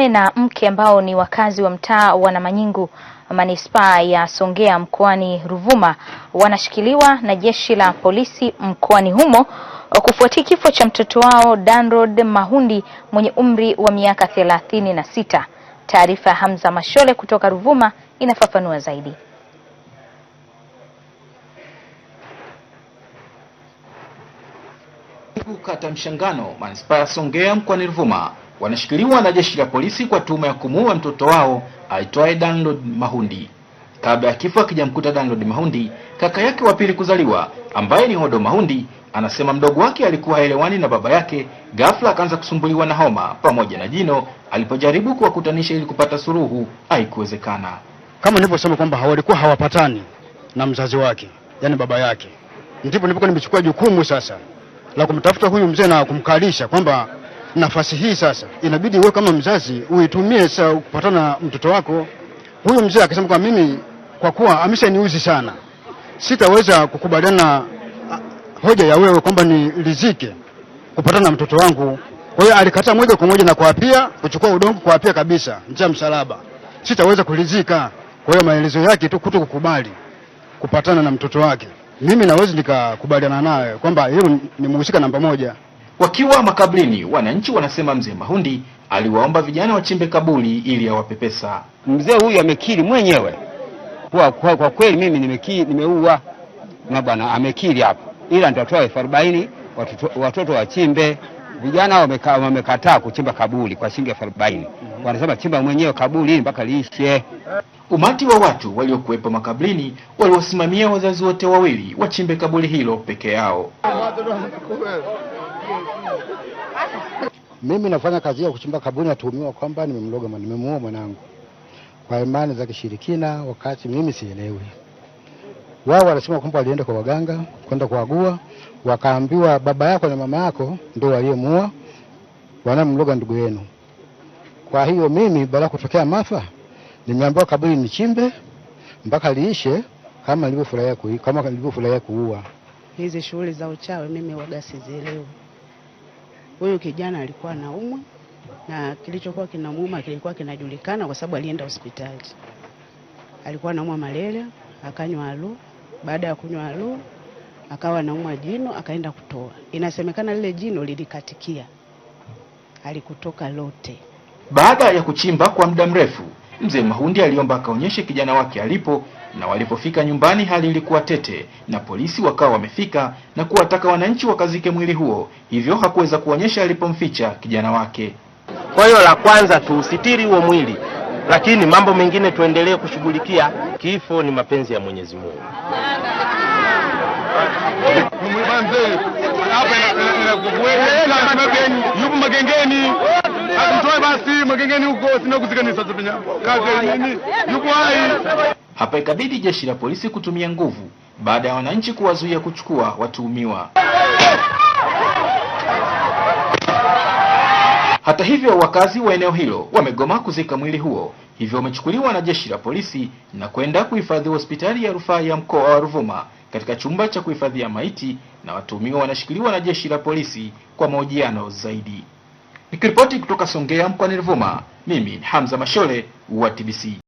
mume na mke ambao ni wakazi wa mtaa wa Namanyingu manispaa ya Songea mkoani Ruvuma wanashikiliwa na jeshi la polisi mkoani humo kufuatia kifo cha mtoto wao Danrod Mahundi mwenye umri wa miaka thelathini na sita. Taarifa ya Hamza Mashole kutoka Ruvuma inafafanua zaidi. Kata Mshangano manispaa ya Songea mkoani Ruvuma wanashikiliwa na jeshi la polisi kwa tuhuma ya kumuua mtoto wao aitwaye Download Mahundi. Kabla ya kifo akijamkuta Download Mahundi, kaka yake wa pili kuzaliwa ambaye ni Hodo Mahundi anasema mdogo wake alikuwa haelewani na baba yake. Ghafla akaanza kusumbuliwa na homa pamoja na jino. Alipojaribu kuwakutanisha ili kupata suluhu, haikuwezekana. Kama nilivyosema kwamba hawalikuwa hawapatani na mzazi wake, yani baba yake, ndipo nilipokuwa nimechukua jukumu sasa la kumtafuta huyu mzee na kumkalisha kwamba nafasi hii sasa inabidi wewe kama mzazi uitumie sasa kupatana na mtoto wako. Huyu mzee akisema kwa mimi, kwa kuwa ameshaniuzi sana, sitaweza kukubaliana hoja ya wewe kwamba niridhike kupatana na mtoto wangu. Kwa hiyo alikataa moja kwa moja na kuapia kuchukua udongo, kuapia kabisa njia msalaba, sitaweza kulizika. Kwa hiyo maelezo yake tu kuto kukubali kupatana na mtoto wake. Mimi naweza nikakubaliana naye kwamba hilo ni mhusika namba moja. Wakiwa makabrini, wananchi wanasema mzee Mahundi aliwaomba vijana wachimbe kaburi ili awape pesa. Mzee huyu amekiri mwenyewe kwa, kwa, kwa kweli mimi nimekiri, nimeua na bwana amekiri hapo, ila nitatoa elfu arobaini watoto, watoto wachimbe. Vijana wameka, wamekataa kuchimba kaburi kwa shilingi elfu arobaini wanasema chimba mwenyewe kaburi ili mpaka liishe. Umati wa watu waliokuwepo makabrini waliwasimamia wazazi wote wawili wachimbe kaburi hilo peke yao. Mimi nafanya kazi ya kuchimba kaburi, natuhumiwa kwamba nimemloga, nimemuua mwanangu kwa imani za kishirikina, wakati mimi sielewi. Wao wanasema kwamba walienda kwa waganga kwenda kuagua, wakaambiwa baba yako na mama yako ndio waliyemuua, wanamloga ndugu yenu. Kwa hiyo mimi baada ya kutokea mafa nimeambiwa kaburi nichimbe mpaka liishe, kama nilivyofurahia kuua. Hizi shughuli za uchawi mimi waga sizielewi. Huyu kijana alikuwa anaumwa na kilichokuwa kinamuuma kilikuwa kinajulikana kwa sababu alienda hospitali. Alikuwa anaumwa malaria, akanywa alu. Baada ya kunywa alu, akawa anaumwa jino, akaenda kutoa. Inasemekana lile jino lilikatikia, alikutoka lote. Baada ya kuchimba kwa muda mrefu, mzee Mahundi aliomba akaonyeshe kijana wake alipo na walipofika nyumbani hali ilikuwa tete, na polisi wakawa wamefika na kuwataka wananchi wakazike mwili huo, hivyo hakuweza kuonyesha alipomficha kijana wake. Kwa hiyo la kwanza tuusitiri huo mwili, lakini mambo mengine tuendelee kushughulikia. Kifo ni mapenzi ya Mwenyezi Mungu. Yupo magengeni, basi magengeni huko, sina kuzika ni sasa, hai hapa ikabidi jeshi la polisi kutumia nguvu baada ya wananchi kuwazuia kuchukua watuhumiwa. Hata hivyo, wakazi wa eneo hilo wamegoma kuzika mwili huo, hivyo wamechukuliwa na jeshi la polisi na kwenda kuhifadhiwa hospitali ya rufaa ya mkoa wa Ruvuma katika chumba cha kuhifadhia maiti, na watuhumiwa wanashikiliwa na jeshi la polisi kwa mahojiano zaidi. Nikiripoti kutoka Songea mkoani Ruvuma, mimi ni Hamza Mashole wa TBC.